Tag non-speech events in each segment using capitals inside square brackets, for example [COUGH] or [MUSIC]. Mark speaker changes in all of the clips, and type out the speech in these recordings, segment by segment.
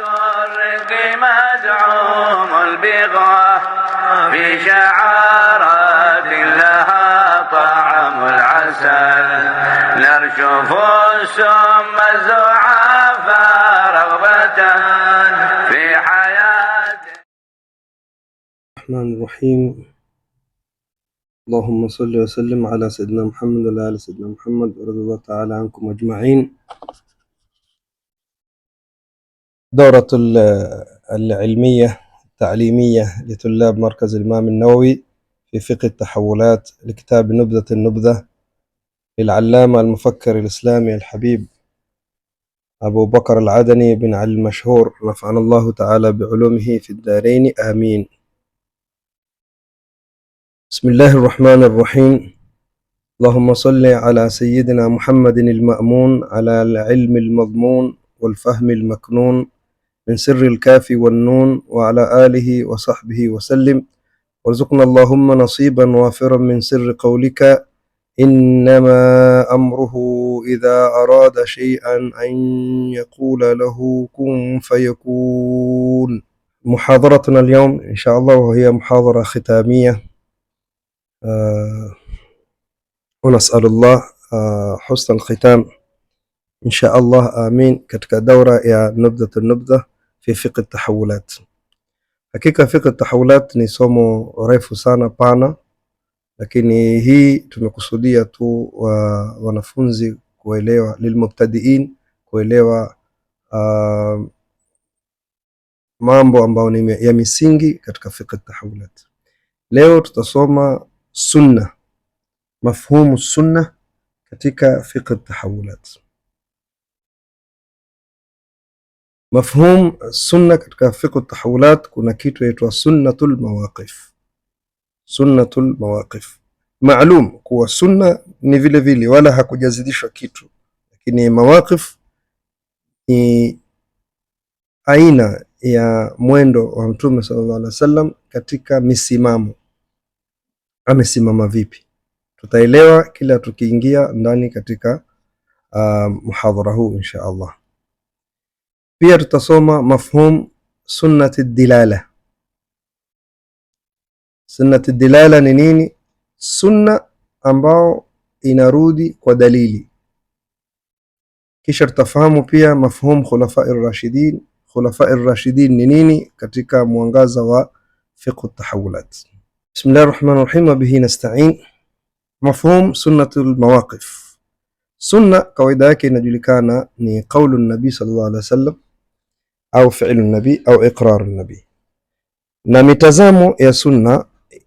Speaker 1: الرق مزعوم البغاء في شعارات لها طعم العسل نرشف السم الزعفاء رغبة في حياة الرحمن الرحيم اللهم صل وسلم على سيدنا محمد وعلى آل سيدنا محمد ورضي الله تعالى عنكم أجمعين دورة العلمية التعليمية لطلاب مركز الإمام النووي في فقه التحولات لكتاب نبذة النبذة للعلامة المفكر الإسلامي الحبيب أبو بكر العدني بن علي المشهور نفعنا الله تعالى بعلومه في الدارين آمين بسم الله الرحمن الرحيم اللهم صل على سيدنا محمد المأمون على العلم المضمون والفهم المكنون من سر الكاف والنون وعلى آله وصحبه وسلم وارزقنا اللهم نصيبا وافرا من سر قولك إنما أمره إذا أراد شيئا أن يقول له كن فيكون محاضرتنا اليوم إن شاء الله وهي محاضرة ختامية أه ونسأل الله أه حسن الختام إن شاء الله آمين كتك دورة يا نبذة النبذة fi fiqh tahawulat. Hakika fiqh tahawulat ni somo refu sana pana, lakini hii tumekusudia tu wa, wanafunzi kuelewa, lilmubtadiin kuelewa uh, mambo ambayo ni ya misingi katika fiqh tahawulat. Leo tutasoma sunna, mafhumu sunna katika fiqh tahawulat. Mafhum sunna katika fiqh tahawulat, kuna kitu yaitwa sunnatul mawaqif. Sunnatul mawaqif maalum kuwa sunna ni vile vile, wala hakujazidishwa kitu, lakini mawaqif ni aina ya mwendo wa Mtume sallallahu alaihi wasallam katika misimamo. Amesimama vipi? Tutaelewa kila tukiingia ndani katika uh, muhadhara huu insha Allah. Pia tutasoma mafhum sunnati dilala. Sunnati dilala ni nini? Sunna ambao inarudi kwa dalili. Kisha tutafahamu pia mafhum khulafai rashidin. Khulafai rashidin ni nini katika mwangaza wa fiqhu tahawulat. Bismillahir rahmanir rahim, wa bihi nastain. Mafhum sunnatu mawaqif. Sunna kawaida yake inajulikana ni qaulu nabii sallallahu alaihi wasallam au fi'lu nabii au iqraru nabii. Na mitazamo ya sunna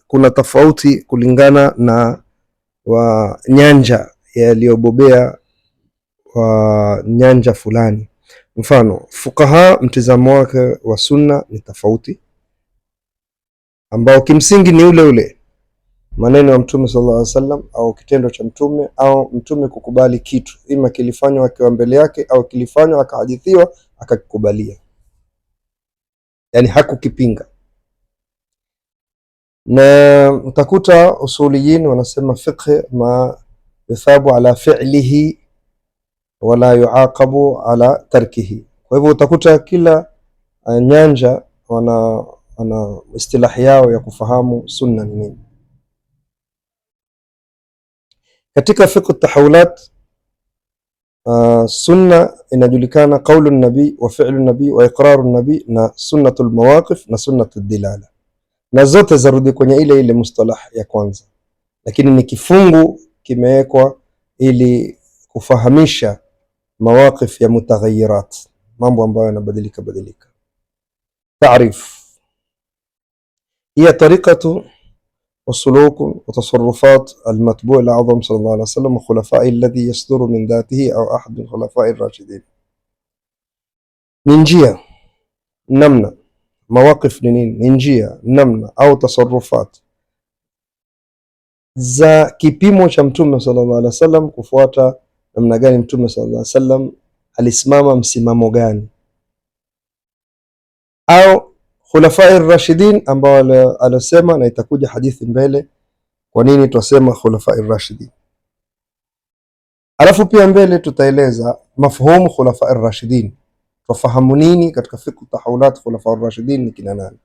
Speaker 1: kuna tofauti kulingana na wa nyanja yaliyobobea wa nyanja fulani. Mfano, fuqaha mtizamo wake wa sunna ni tofauti, ambao kimsingi ni ule ule maneno ya Mtume sallallahu alaihi wasallam au kitendo cha Mtume au Mtume kukubali kitu, ima kilifanywa akiwa mbele yake au kilifanywa akahadithiwa akakikubalia yani hakukipinga. Na utakuta usuliyin wanasema fiqh ma yuthabu ala fi'lihi wala yuaqabu ala tarkihi. Kwa hivyo utakuta kila uh, nyanja wana wana istilahi yao ya kufahamu sunna ni nini. Katika fiqh tahawulat Uh, sunna inajulikana qaulu nabii wa fi'lu nabii wa iqraru nabii na sunnatu lmawaqif na sunnatu dilala, na zote zarudi kwenye ile ile mustalah ya kwanza, lakini ni kifungu kimewekwa ili kufahamisha mawaqif ya mutaghayyirat, mambo ambayo yanabadilika badilika. Taarif hiya tariqatu وسلوك وتصرفات المتبوع الأعظم صلى الله عليه وسلم وخلفائه الذي يصدر من ذاته أو أحد من خلفاء الراشدين ننجية نمنع مواقف ننجia namna au tasarufat za kipimo cha mtume sallallahu alaihi wasallam, kufuata namna gani mtume sallallahu alaihi wasallam alisimama msimamo gani, au Khulafai Rashidin ambao alosema, na itakuja hadithi mbele, kwa nini twasema Khulafai Rashidin. Alafu pia mbele tutaeleza mafhumu Khulafai Rashidin, twafahamu nini katika fikhu tahawulat. Khulafai Rashidin ni kina nani?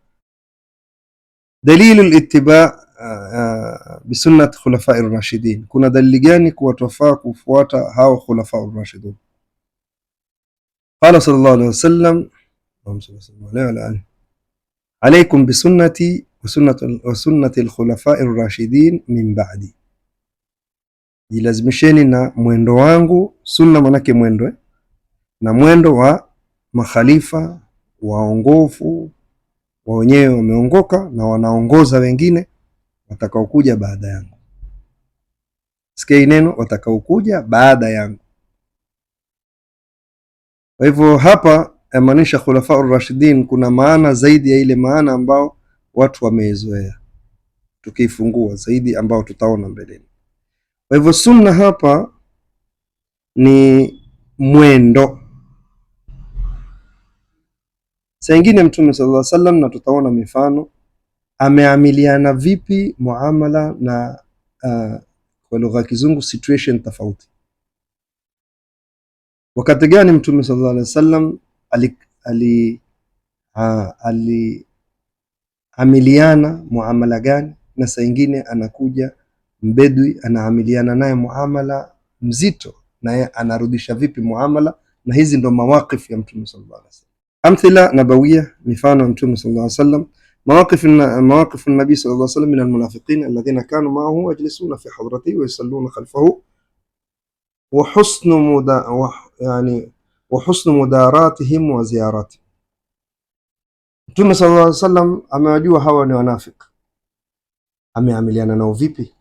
Speaker 1: Dalilu littiba ah, ah, bisunnat Khulafai Rashidin, kuna dalili gani kuwa twafaa kufuata hao Khulafai Rashidin? Qala sallallahu alayhi wasallam wa alihi alaikum bisunnati wa sunnati alkhulafai rashidin min ba'di, jilazimisheni na mwendo wangu. Sunna manake mwendo eh? na mwendo wa makhalifa waongofu wa wenyewe wameongoka na wanaongoza wengine watakaokuja baada yangu. Sikia neno watakaokuja baada yangu. Kwa hivyo hapa amaanisha khulafa rashidin, kuna maana zaidi ya ile maana ambao watu wameizoea, tukiifungua zaidi ambao tutaona mbeleni. Kwa hivyo sunna hapa ni mwendo. saingine ingine Mtume sallallahu alaihi wasallam, na tutaona mifano ameamiliana vipi muamala na uh, kwa lugha ya Kizungu situation tofauti. Wakati gani Mtume sallallahu alaihi wasallam ali, aliamiliana muamala gani, na saa ingine anakuja mbedui anaamiliana naye muamala mzito, naye anarudisha vipi muamala? Na hizi ndo mawaqif ya Mtume sallallahu alaihi wasallam, amthila nabawiya mifano ya Mtume sallallahu alaihi wasallam mawaqifu nabii sallallahu alaihi wasallam min almunafiqin alladhina kanu maahu yajlisuna fi hadratihi wa yusalluna khalfahu wa husnu muda yani wa husnu mudaratihim wa ziyaratihim. Mtume sallallahu alaihi wasallam amewajua hawa ni wanafiki, ameamiliana nao vipi?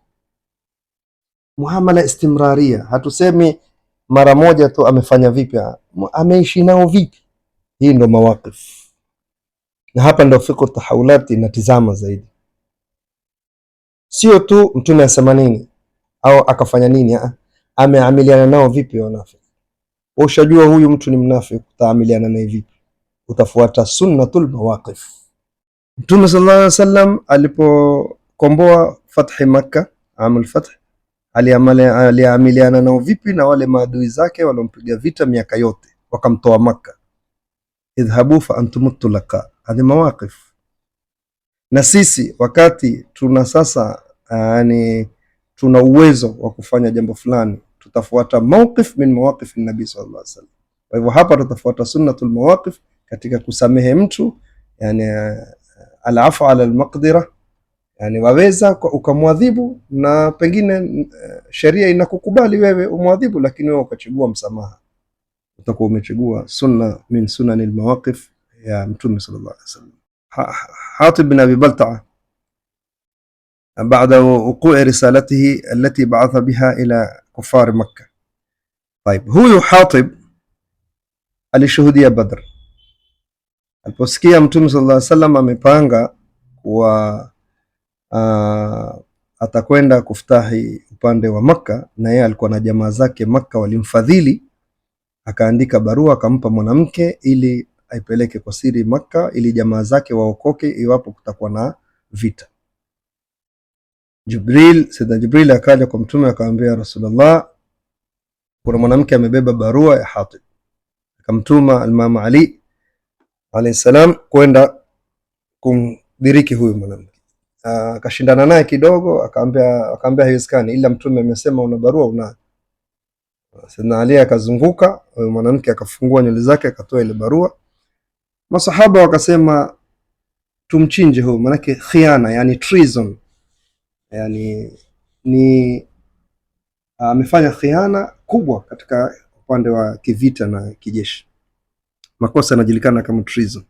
Speaker 1: Muamala istimraria, hatusemi mara moja tu amefanya vipi, ameishi nao vipi? Hii ndo mawaqif, na hapa ndo fiqhu na inatizama zaidi, sio tu mtume asema nini au akafanya nini, ameamiliana nao vipi wanafiki Ushajua huyu mtu ni mnafiki, utaamiliana naye vipi? Utafuata sunnatul mawaqif. Mtume sallallahu alaihi wasallam alipokomboa fathi Makka, amul fath, aliamiliana nao vipi na wale maadui zake walompiga vita miaka yote wakamtoa Makka? Idhhabu fa antum tulaqa, hadi mawaqif. Na sisi wakati tuna sasa, yani tuna uwezo wa kufanya jambo fulani tutafuata mauqif min mawaqif nabii sallallahu alaihi wasallam. Kwa hivyo hapa tutafuata sunnatul mawaqif katika kusamehe mtu, yani alafu ala almaqdira, yani waweza ukamwadhibu na pengine sheria inakukubali wewe umwadhibu, lakini wewe ukachagua msamaha, utakuwa umechagua sunna min sunanil mawaqif ya mtume sallallahu alaihi wasallam. Hatib bin Abi Baltaa بعد وقوع رسالته التي بعث بها إلى kufari Makka. Taib, huyu Hatib alishuhudia Badr. Aliposikia Mtume sallallahu alaihi wasallam amepanga kuwa uh, atakwenda kuftahi upande wa Makka, na yeye alikuwa na jamaa zake Makka walimfadhili, akaandika barua akampa mwanamke ili aipeleke kwa siri Makka ili jamaa zake waokoke iwapo kutakuwa na vita. Jibril, Sayyidina Jibril akaja kwa mtume akamwambia Rasulullah, kuna mwanamke amebeba barua ya Hatib. Akamtuma Almama Ali alayhi salam kwenda kumdiriki huyu mwanamke. Ah, akashindana naye kidogo, akaambia akaambia haiwezekani, ila mtume amesema una barua una. Sayyidina Ali akazunguka, huyo mwanamke akafungua nywele zake akatoa ile barua. Masahaba wakasema tumchinje huyu, manake khiana, yani treason yani ni ah, amefanya khiana kubwa katika upande wa kivita na kijeshi. Makosa yanajulikana kama treason.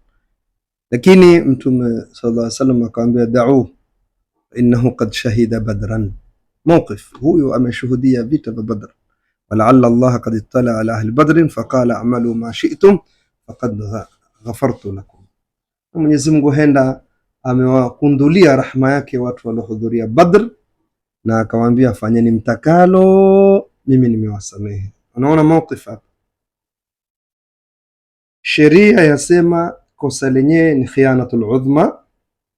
Speaker 1: Lakini Mtume sallallahu alaihi wasallam akamwambia da'u innahu qad shahida badran mawqif, huyu ameshuhudia vita vya Badr. Walalla Allah qad ittala ala ahli badrin faqala a'malu ma shi'tum faqad ghafartu lakum. Mwenyezi Mungu henda amewakundulia rahma yake watu waliohudhuria Badr na akawaambia fanyeni mtakalo, mimi nimewasamehe. Unaona mawqif hapa, sheria yasema kosa lenyewe ni khianatul udhma,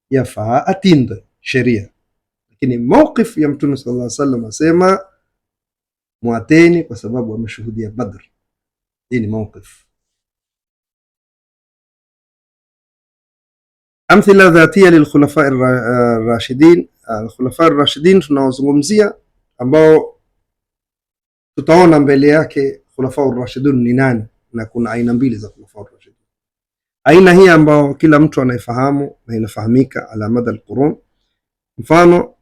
Speaker 1: yafaa atinde sheria, lakini mawqif ya Mtume sallallahu alaihi wasallam asema mwateni kwa sababu ameshuhudia Badr. Hii ni mawqif Amthila dhatia lilkhulafa rashidin. Alkhulafa rashidin tunaozungumzia ambao tutaona mbele yake khulafa rashidun ni nani, na kuna aina mbili za khulafa rashidun. Aina hii ambao kila mtu anaifahamu na inafahamika ala mada alqurun, mfano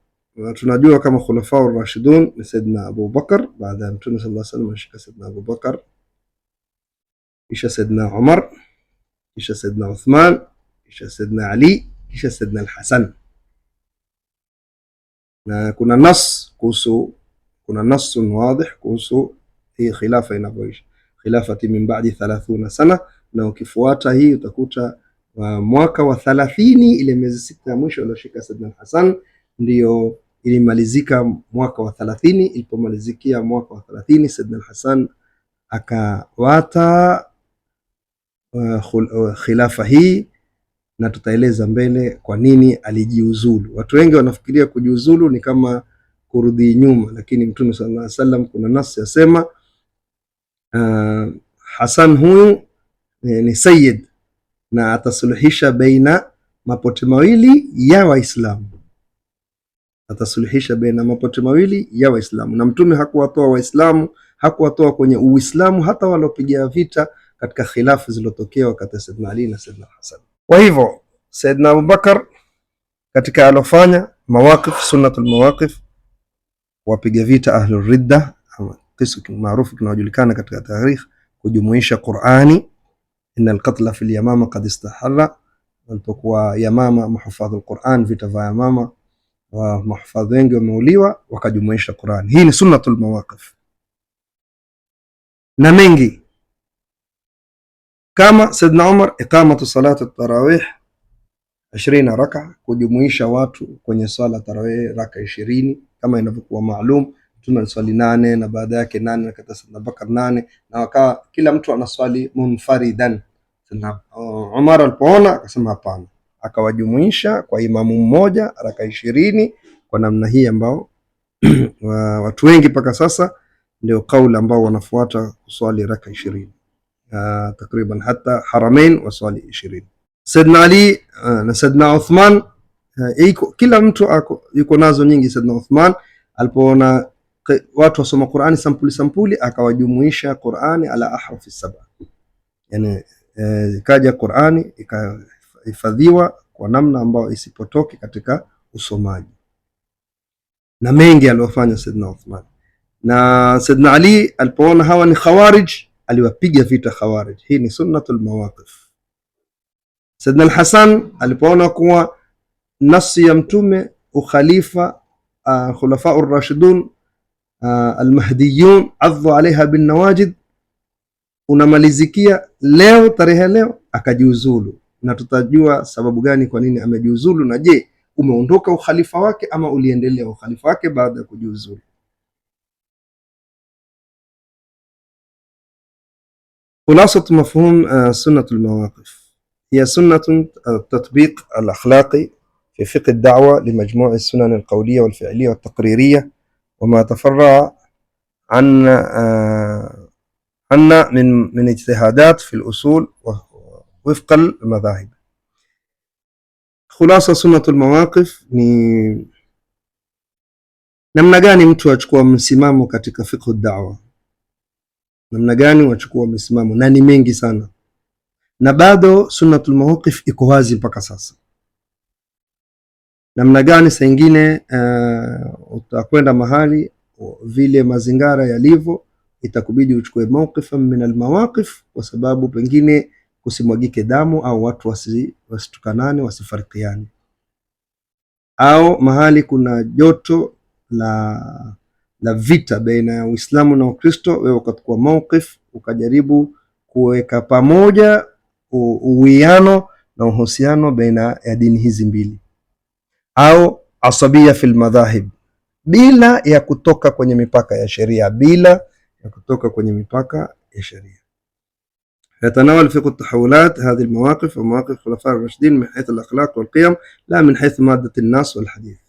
Speaker 1: tunajua kama khulafa rashidun ni Saidna Abubakar, baada ya Mtume sallallahu alaihi wasallam ashika Saidna Abubakar, kisha Saidna Umar, kisha Saidna Uthman kisha Saidna Ali kisha Saidna Alhasan. Na kuna nas kuhusu, kuna nasun wadih kuhusu hii khilafa inavyoisha, khilafati min ba'di 30 sana, na ukifuata hii utakuta wa uh, mwaka wa 30 ile miezi sita ya mwisho alioshika Saidna Alhasan ndio ndiyo ilimalizika mwaka wa 30. Ilipomalizikia mwaka wa 30, Saidna Alhasan akawata uh, khul, uh, khilafa hii na tutaeleza mbele kwa nini alijiuzulu. Watu wengi wanafikiria kujiuzulu ni kama kurudi nyuma, lakini Mtume sallallahu alaihi wasallam kuna nasi yasema uh, ah, Hasan huyu eh, ni sayyid na atasuluhisha baina mapote mawili ya Waislamu, atasuluhisha baina mapote mawili ya Waislamu. Na Mtume hakuwatoa Waislamu, hakuwatoa kwenye Uislamu, hata walopiga vita katika khilafu zilizotokea wakati Saidna Ali na Saidna Hasan. Kwa hivyo Saidna Abubakar katika alofanya mawaqif, sunnatul mawaqif, wapiga vita ahlul ridda, kisa maarufu kinaojulikana katika tarikh, kujumuisha Qur'ani, innal qatla fil yamama qad istahalla, walipokuwa Yamama mahfadhul Qur'an, vita vya Yamama wa mahfadhi wengi wameuliwa, wakajumuisha Qur'ani. Hii ni sunnatul mawaqif na mengi kama Saidna Umar, iqamatu salati tarawih 20 raka, kujumuisha watu kwenye swala tarawih raka 20 kama inavyokuwa maalum. Mtume aliswali nane na baada yake nane na kata Saidna Bakar nane na wakawa kila mtu anaswali munfaridan. Saidna uh, Umar alipoona akasema hapana, akawajumuisha kwa imamu mmoja raka 20 kwa namna hii ambao [CLEARS THROAT] watu wengi mpaka sasa ndio kauli ambao wanafuata kuswali raka ishirini takriban hata haramain waswali ishirini. Saidna Ali uh, na Saidna Uthman uh, kila mtu yuko nazo nyingi. Saidna Uthman alipoona watu wasoma Qur'ani sampuli sampuli, akawajumuisha Qur'ani ala ahrafi saba, yani eh, ikaja uh, Qur'ani ikahifadhiwa kwa namna ambayo isipotoke katika usomaji, na mengi aliyofanya Saidna Uthman na Saidna Ali alipoona hawa ni khawarij aliwapiga vita Khawarij. Hii ni sunnatul mawaqif. Saidna Alhasan alipoona kuwa nafsi ya Mtume, ukhalifa, ah, uh, ar rashidun uh, ah, al-mahdiyun adhu alaiha nawajid unamalizikia leo, tarehe leo, akajiuzulu na tutajua sababu gani kwa nini amejiuzulu, na je, umeondoka ukhalifa wake ama uliendelea ukhalifa wake baada ya kujiuzulu. خلاصة مفهوم آه، سنة المواقف هي سنة التطبيق آه، الأخلاقي في فقه الدعوة لمجموع السنن القولية والفعلية والتقريرية وما تفرع عن آه، عنا من من اجتهادات في الأصول وفق المذاهب خلاصة سنة المواقف ني namna gani mtu achukua msimamo katika fiqhu dawa namna gani wachukua misimamo, na ni mengi sana, na bado sunnatul mawqif iko wazi mpaka sasa. Namna gani saa ingine uh, utakwenda mahali vile mazingara yalivyo, itakubidi uchukue mawqifan min almawaqif, kwa sababu pengine kusimwagike damu au watu wasi, wasitukanane wasifarikiane, au mahali kuna joto la la vita baina ya Uislamu na Ukristo, wewe ukachukua mauqif ukajaribu kuweka pamoja uwiano na uhusiano baina ya dini hizi mbili, au asabia fil madhahib, bila ya kutoka kwenye mipaka ya sheria, bila ya kutoka kwenye mipaka ya sheria. yatanawal fiqh tahawulat hadhihi almawaqif wa mawaqif khulafa ar-rashidin min hayth al-akhlaq wal qiyam la min hayth maddat an-nas wal hadith.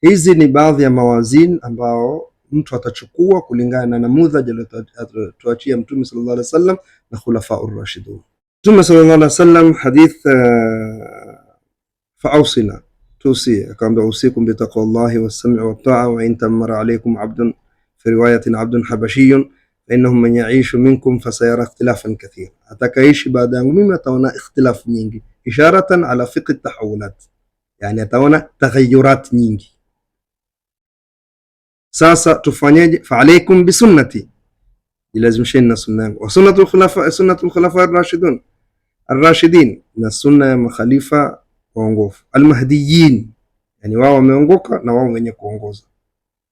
Speaker 1: Hizi ni baadhi ya mawazin ambao mtu atachukua kulingana na namudhaji aliyotuachia Mtume sallallahu alaihi wasallam na khulafaur rashidun. Mtume sallallahu alaihi wasallam hadith eh, faausina tusi akaambia usikum bitaqwallahi was-sam'i wat-ta'a wa in tamara alaykum 'abdun fi riwayatin 'abdun habashiyun fa innahu man ya'ishu minkum fasayara ikhtilafan kathira, atakaishi baada yangu mimi ataona ikhtilaf nyingi, isharatan ala fiqh at-tahawulat, yani ataona taghayyurat nyingi sasa tufanyeje? fa alaykum alaikum bisunnati, jilazimisheni na sunna yangu, wa sunnatul khulafa sunnatul khulafa ar-rashidun ar-rashidin, na sunna ya makhalifa waongofu al-mahdiyin, yani wao wameongoka na wao wenye kuongoza.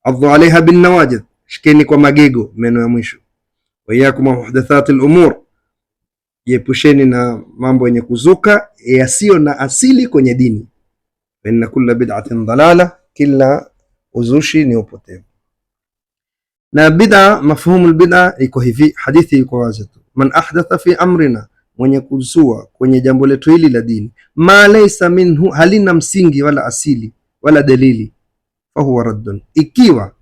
Speaker 1: adhu alaiha bin nawajid, shikeni kwa magego, meno ya mwisho. Wa iyakum muhdathatil umur, jiepusheni na mambo yenye kuzuka yasiyo na asili kwenye dini. Fa inna kulla bid'atin dalala, kila uzushi ni upotevu. Na bid'a, mafhumu bid'a iko hivi, hadithi iko wazi tu, man ahdatha fi amrina, mwenye kuzua kwenye jambo letu hili la dini, ma laysa minhu, halina msingi wala asili wala dalili, fahuwa raddun, ikiwa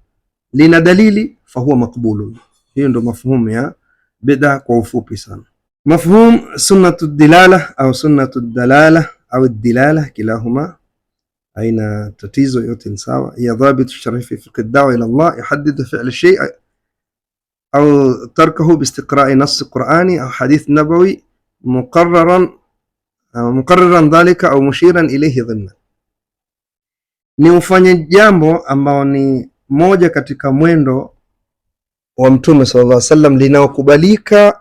Speaker 1: lina dalili fahuwa maqbulun. Hiyo ndo mafhumu ya bid'a kwa ufupi sana. Mafhum sunnatu dilala au sunnatu dalala au dilala kilahuma haina tatizo, yote ni sawa. ya dhabitu sharifi fi dawa ila Allah yuhaddidu fi'l shay au tarkahu bi istiqra'i nass qur'ani au hadith nabawi muqarraran muqarraran dhalika au mushiran ilayhi dhanna, ni ufanye jambo ambao ni moja katika mwendo wa Mtume sallallahu alaihi wasallam linaokubalika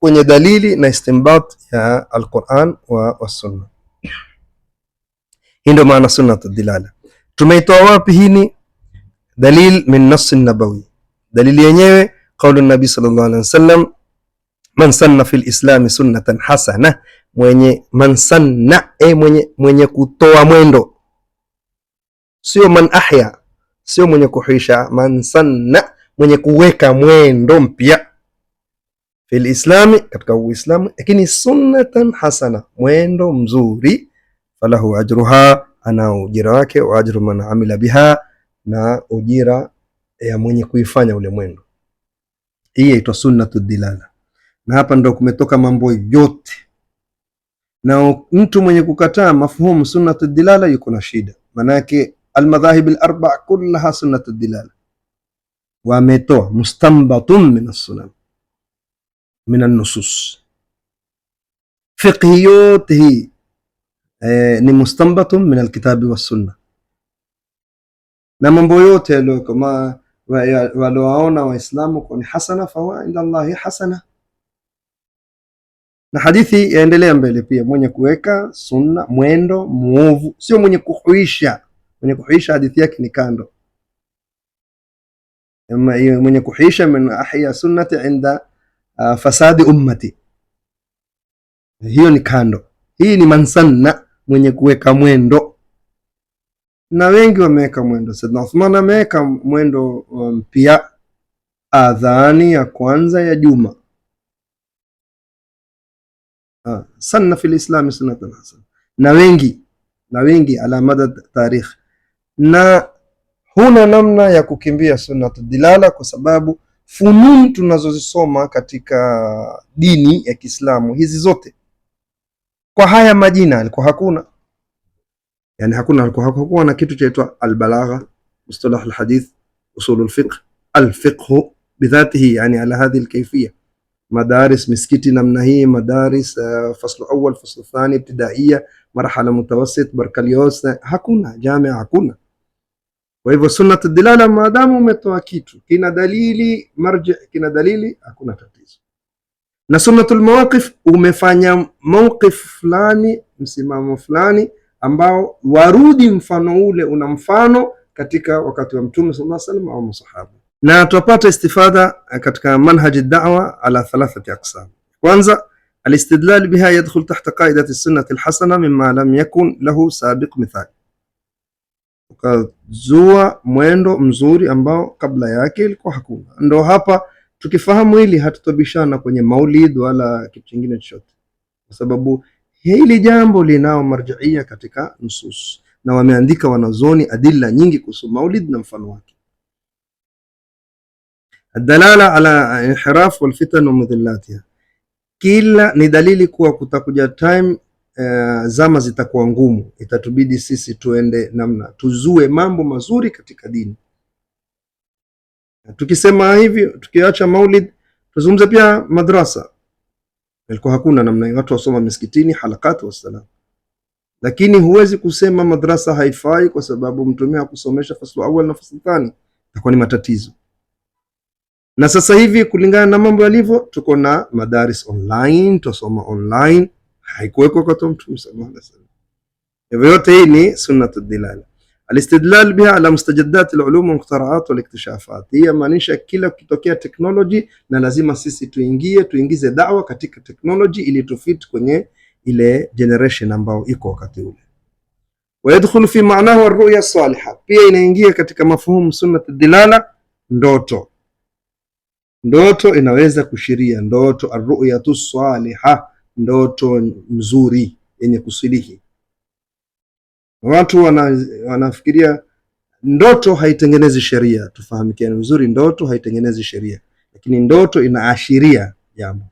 Speaker 1: kwenye dalili na istinbat ya Alquran wa Sunna. Hii ndio maana sunnatu dilala. Tumeitoa wapi hini? Dalil min nass nabawi, dalili yenyewe qaulu nabi sallallahu alaihi wasallam, man sanna fil islami sunnatan hasana, mwenye man sanna e, mwenye, mwenye kutoa mwendo, sio man ahya, sio mwenye kuhuisha. Man sanna, mwenye kuweka mwendo mpya fil islami, katika Uislamu, lakini sunnatan hasana, mwendo mzuri falahu ajruha, ana ujira wake, wa ajru man amila biha, na ujira ya mwenye kuifanya ule mwendo. Hii yaitwa sunnatu dilala, na hapa ndo kumetoka mambo yote. Na mtu mwenye kukataa mafhumu sunnatu dilala yuko na shida, manake almadhahib alarba kullaha sunnatu dilala, wametoa mustambatun min as-sunan min an-nusus, fiqhi yote hii Eh, ni mustanbatun min alkitabi wassunna, na mambo yote yaliyokomaa waliowaona Waislamu kuwa ni hasana fahuwa inda Allahi hasana. Na hadithi yaendelea mbele pia, mwenye kuweka sunna mwendo muovu sio mwenye kuhuisha. Mwenye kuhuisha hadithi yake ni kando. Mwenye kuhuisha min ahya sunnati inda uh, fasadi ummati, hiyo ni kando. Hii ni mansanna mwenye kuweka mwendo, na wengi wameweka mwendo. Saidna Uthman ameweka mwendo mpya um, adhani ya kwanza ya juma ah, sanna fil islami sunnatan hasana, na wengi na wengi ala madad tarikh, na huna namna ya kukimbia sunnatu dilala kwa sababu fununu tunazozisoma katika dini ya Kiislamu hizi zote kwa haya majina alikuwa hakuna yani hakuna alikuwa hakuwa na kitu chaitwa albalagha mustalah alhadith usul alfiqh alfiqh bidhatihi yani ala hadhihi alkayfiyya madaris miskiti namna hii madaris uh, eh, faslu awal faslu thani ibtidaiya marhala mutawassit barkalios eh, hakuna jamia hakuna kwa hivyo sunnat dilala maadamu umetoa kitu kina dalili marji kina dalili hakuna tatizo na sunnatul mawaqif umefanya mawqif fulani, msimamo fulani ambao warudi mfano ule una mfano katika wakati wa Mtume sallallahu alaihi wasallam au masahaba. Na twapata istifada katika manhaji dawa ala thalathati aqsam. Kwanza, alistidlal biha yadkhul tahta qaidati sunnati alhasana mimma lam yakun lahu sabiq mithal, ukazua mwendo mzuri ambao kabla yake ilikuwa hakuna. Ndo hapa Tukifahamu hili hatutobishana kwenye maulid wala kitu kingine chochote, kwa sababu hili jambo linao marjiia katika nusus na wameandika wanazoni adila nyingi kuhusu maulid na mfano wake. Adalala ala inhiraf wal fitan wa kila ni dalili kuwa kutakuja time uh, zama zitakuwa ngumu, itatubidi sisi tuende namna tuzue mambo mazuri katika dini Tukisema hivyo, tukiacha maulid, tuzungumze pia madrasa. Ilikuwa hakuna namna hiyo, watu wasoma misikitini halakat wasalam, lakini huwezi kusema madrasa haifai kwa sababu mtume hakusomesha faslu awal na faslu thani, itakuwa ni matatizo. Na sasa hivi kulingana na mambo yalivyo, tuko na madaris online, tusoma online, haikuwekwa kwa mtume sallallahu alaihi wasallam. Hivyo yote hii ni dilala. Alistidlal biha ala mustajadat alulum walmukhtaraat waliktishafaat. Hii yamaanisha kila kitokea teknoloji, na lazima sisi tuingie tuingize dawa katika teknoloji ili tufit kwenye ile generation ambayo iko wakati ule. Wayadkhulu fi maanahu arruya saliha, pia inaingia katika mafhumu sunnat dilala, ndoto. Ndoto inaweza kushiria ndoto, arruyatu saliha, ndoto nzuri yenye kusilihi Watu wana, wanafikiria ndoto haitengenezi sheria. Tufahamikiane vizuri, ndoto haitengenezi sheria, lakini ndoto inaashiria jambo.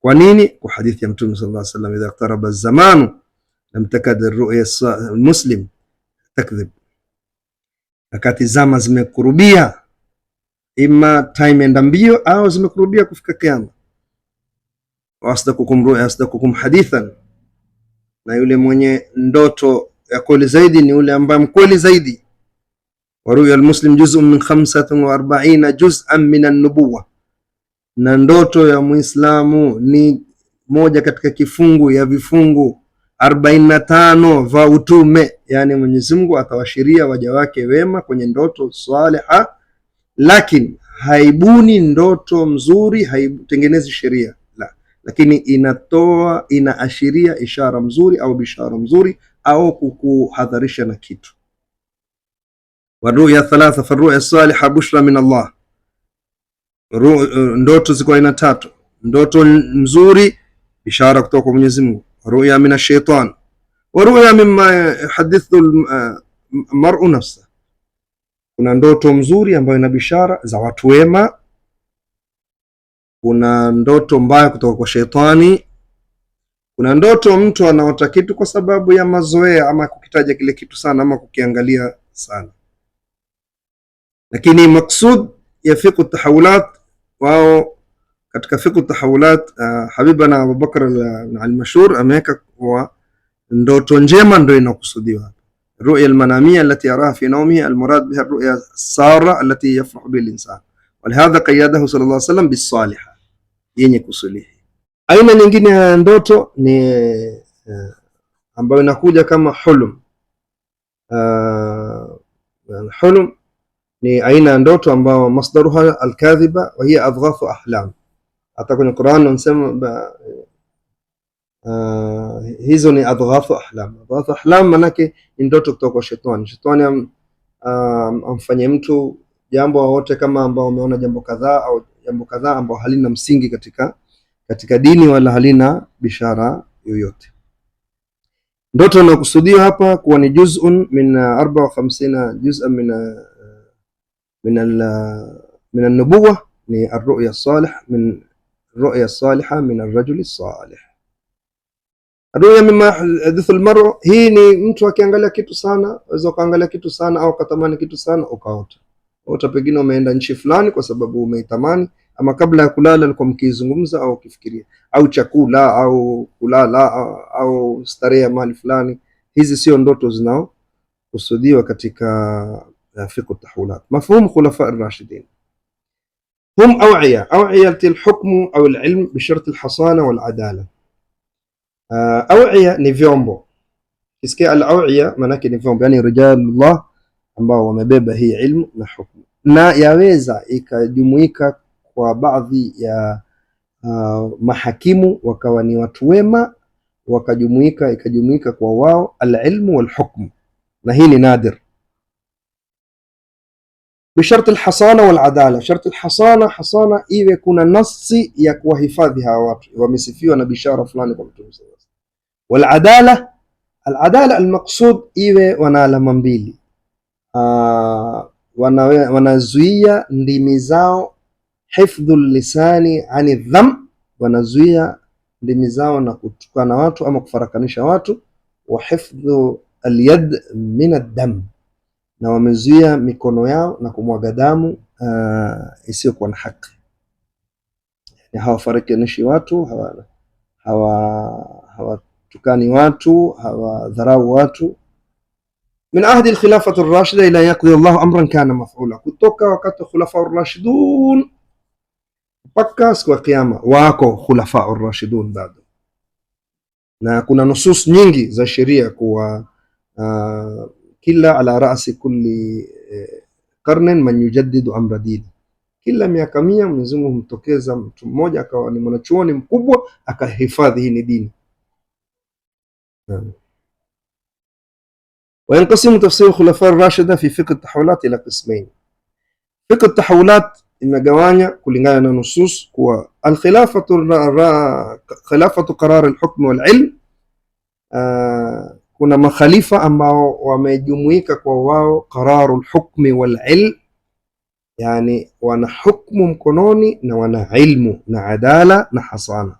Speaker 1: Kwa nini? Kwa hadithi ya Mtume sallallahu alaihi wasallam, idha iqtaraba zamanu lam takad ruya muslim takdhib, wakati zama zimekurubia, ima time enda mbio au zimekurubia kufika kiama. Wasdakukum ruya asdakukum hadithan, na yule mwenye ndoto kweli zaidi ni ule ambaye mkweli zaidi. Waruya lmuslim juzun min khamsatin wa juzan min nubuwa na ndoto ya muislamu ni moja katika kifungu ya vifungu 45 va utume. Yani Mwenyezi Mungu akawashiria waja wake wema kwenye ndoto saliha, lakini haibuni ndoto mzuri, haitengenezi sheria la, lakini inatoa inaashiria ishara mzuri au bishara mzuri au kukuhadharisha na kitu. Waruya thalatha faruya saliha bushra min Allah, ndoto ziko aina tatu: ndoto nzuri bishara kutoka kwa Mwenyezi Mungu, ruya min ashaitan, wa ruya mimma yuhadithu eh, mar'u nafsa. Kuna ndoto mzuri ambayo ina bishara za watu wema, kuna ndoto mbaya kutoka kwa sheitani kuna ndoto mtu anaota kitu kwa sababu ya mazoea ama kukitaja kile kitu sana ama kukiangalia sana, lakini maksud ya fiqh tahawulat wao katika fiqh tahawulat uh, habibana Abubakar al-Mashhur ameweka kuwa ndoto njema ndio inakusudiwa ruya almanamia alati yaraha fi naumihi almurad biha ruya sara alati yafrahu biha linsan walihadha qayadahu sallallahu alayhi wasallam bisaliha yenye kusulihi Aina nyingine ya ndoto ni uh, ambayo inakuja kama hulum. Uh, hulum ni aina ya ndoto ambayo masdaruha alkadhiba wa hiya adghafu ahlam. Hata kwenye Qur'an unasema uh, eh, ah, hizo ni adghafu ahlam. Adghafu ahlam manake ni ndoto kutoka kwa shetani. Shetani amfanye um, mtu jambo wote kama ambao ameona jambo kadhaa au jambo kadhaa ambao halina msingi katika katika dini wala halina bishara yoyote. Ndoto inayokusudiwa hapa kuwa ni juz'un min 54 juz'an min min an nubuwa ni ar-ru'ya salih min ru'ya saliha min ar-rajuli salih. Ruya mimma yahdithu al-mar'u, hii ni mtu akiangalia kitu sana, waweza ukaangalia kitu sana au katamani kitu sana ukaota. Ota pengine umeenda nchi fulani kwa sababu umeitamani Ama kabla ya kulala alikuwa mkizungumza au kifikiria au chakula au kulala au, au starehe ya mahali fulani. Hizi sio ndoto zinao kusudiwa katika fiqh tahawulat. Mafhum khulafa ar-rashidin hum aw'iya aw'iya til hukmu au al-ilm bi shart al-hasana wal-adala. Aw'iya ni vyombo, iske al-aw'iya maanake ni vyombo, yani rijalullah ambao wamebeba hii ilmu na hukmu, na yaweza ikajumuika kwa baadhi ya uh, mahakimu wakawa ni watu wema, wakajumuika ikajumuika kwa wao alilmu walhukm, na hii ni nadir bisharti alhasana waladala. Sharti alhasana, hasana iwe kuna nasi ya kuwahifadhi hawa watu, wamesifiwa na bishara fulani kwa Mtume sallallahu alayhi wasallam. Waladala, aladala almaqsud iwe wana alama mbili, uh, wanazuia ndimi zao hifdhu lisani ani dham, wanazuia ndimi zao na kutukana watu ama kufarakanisha watu. Wa hifdhu alyad min addam, na wamezuia mikono yao na kumwaga damu uh, eh, isiyokuwa na haki. Yani hawafarakanishi watu, hawatukani hawa, hawa watu, hawadharau watu min ahdi alkhilafati rashida ila yaqdi Allahu amran kana maf'ula, kutoka wakati khulafa rashidun mpaka siku ya Kiyama wako khulafau rashidun bado, na kuna nusus nyingi za sheria kuwa uh, kila ala rasi kulli eh, man yujaddidu amra dini, kila miaka mia Mwenyezi Mungu humtokeza mtu mmoja akawa ni mwanachuoni mkubwa akahifadhi hii ni dini wayanqasimu tafsiru khulafa rashida fi fiqh tahawulat ila qismain, fiqh tahawulat inagawanya kulingana na nusus kuwa alkhilafatu khilafatu qarar alhukm walilm, uh, kuna makhalifa ambao wamejumuika kwa wao qararu lhukmi walilm, yani wana hukmu mkononi na wana ilmu na adala na hasana.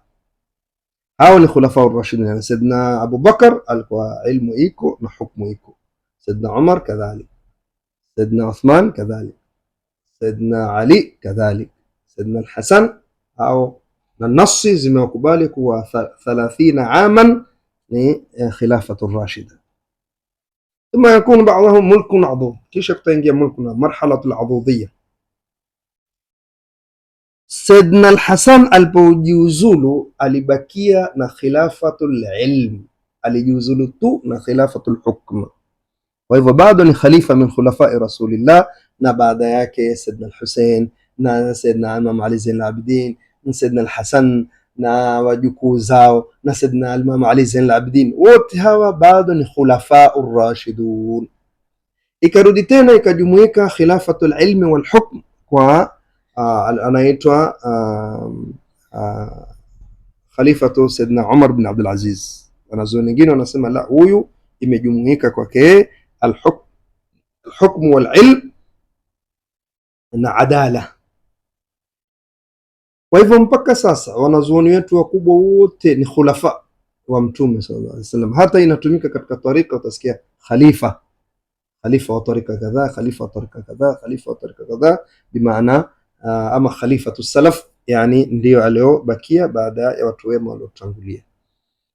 Speaker 1: Hao ni khulafa rashidin, yani Saidna Abu Bakar alikuwa ilmu iko na hukmu iko, Saidna Umar kadhalik, Saidna Uthman kadhalik سيدنا علي كذلك سيدنا الحسن أو النص زي ما قبالك هو ثلاثين عاما لخلافة الراشدة ثم يكون بعضهم ملك عضو كيش يبتنجي ملكنا مرحلة العضوضية سيدنا الحسن البوجوزولو البكية خلافة العلم اليوزولو تو خلافة الحكم وإذا بعد خليفة من خلفاء رسول الله na baada yake Saidna Alhusein na Saidna Imam Ali Zain Labidin na Saidna Alhasan na wajukuu zao na Saidna Imam Ali Zain Labidin, wote hawa bado ni khulafau rashidun. Ikarudi tena ikajumuika khilafatu lilmi walhukm kwa uh, anaitwa uh, uh, khalifatu Saidna Umar bin Abdul Aziz. Wanazuoni wengine wanasema la, huyu imejumuika kwake alhukmu walilm na adala. Kwa hivyo mpaka sasa wanazuoni wetu wakubwa wote ni khulafa wa Mtume sallallahu alaihi wasallam. Hata inatumika katika tarika, utasikia khalifa, khalifa wa tarika kadhaa, khalifa wa tarika kadhaa, khalifa wa tarika kadhaa, bimaana ah, ama khalifatu salaf, yani ndiyo aliobakia baada ya watu wema waliotangulia.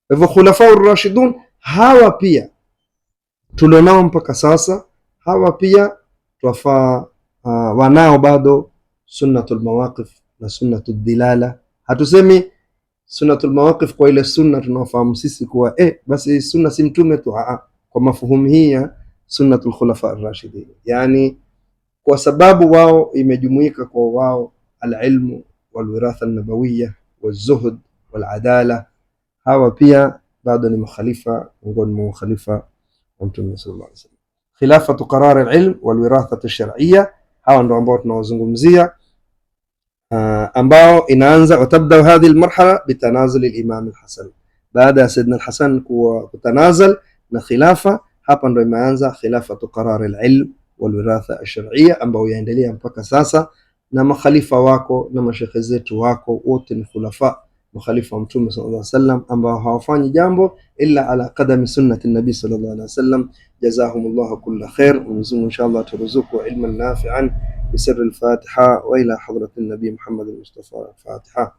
Speaker 1: Kwa hivyo khulafa rashidun hawa pia tulionao mpaka sasa, hawa pia twafaa uh, wanao bado sunnatu lmawaqif na sunnatu dilala. Hatusemi sunnatu lmawaqif kwa ile sunna tunaofahamu sisi kuwa eh, basi sunna si mtume tu, ah, ah, kwa mafuhumu hii ya sunnatu lkhulafa rashidin, yani kwa sababu wao imejumuika kwa wao alilmu walwiratha nabawiya walzuhd waladala. Hawa pia bado ni makhalifa miongoni mwa makhalifa wa mtume sallallahu alaihi wasallam, khilafatu qarar alilm walwirathati shar'iyya hawa ndo ambao tunaozungumzia uh, ambao inaanza watabdau hadhi almarhala bitanazuli limam imam Baada ya Sayyidina al-Hasan kutanazal na khilafa, hapa ndo imeanza khilafatu qarar al-ilm walwiratha al-shar'iyya, ambao yaendelea mpaka sasa, na makhalifa wako na mashekhe zetu wako wote ni khulafa ukhalifa wa Mtume sallallahu alaihi wasallam ambao hawafanyi jambo illa ala qadami sunnati nabii sallallahu alaihi wasallam. Jazahumullahu kulla khair. Mwenyezi Mungu inshallah turuzuku ilman nafi'an bisirri al-Fatiha wa ila hadratin nabii Muhammad al-Mustafa al-Fatiha.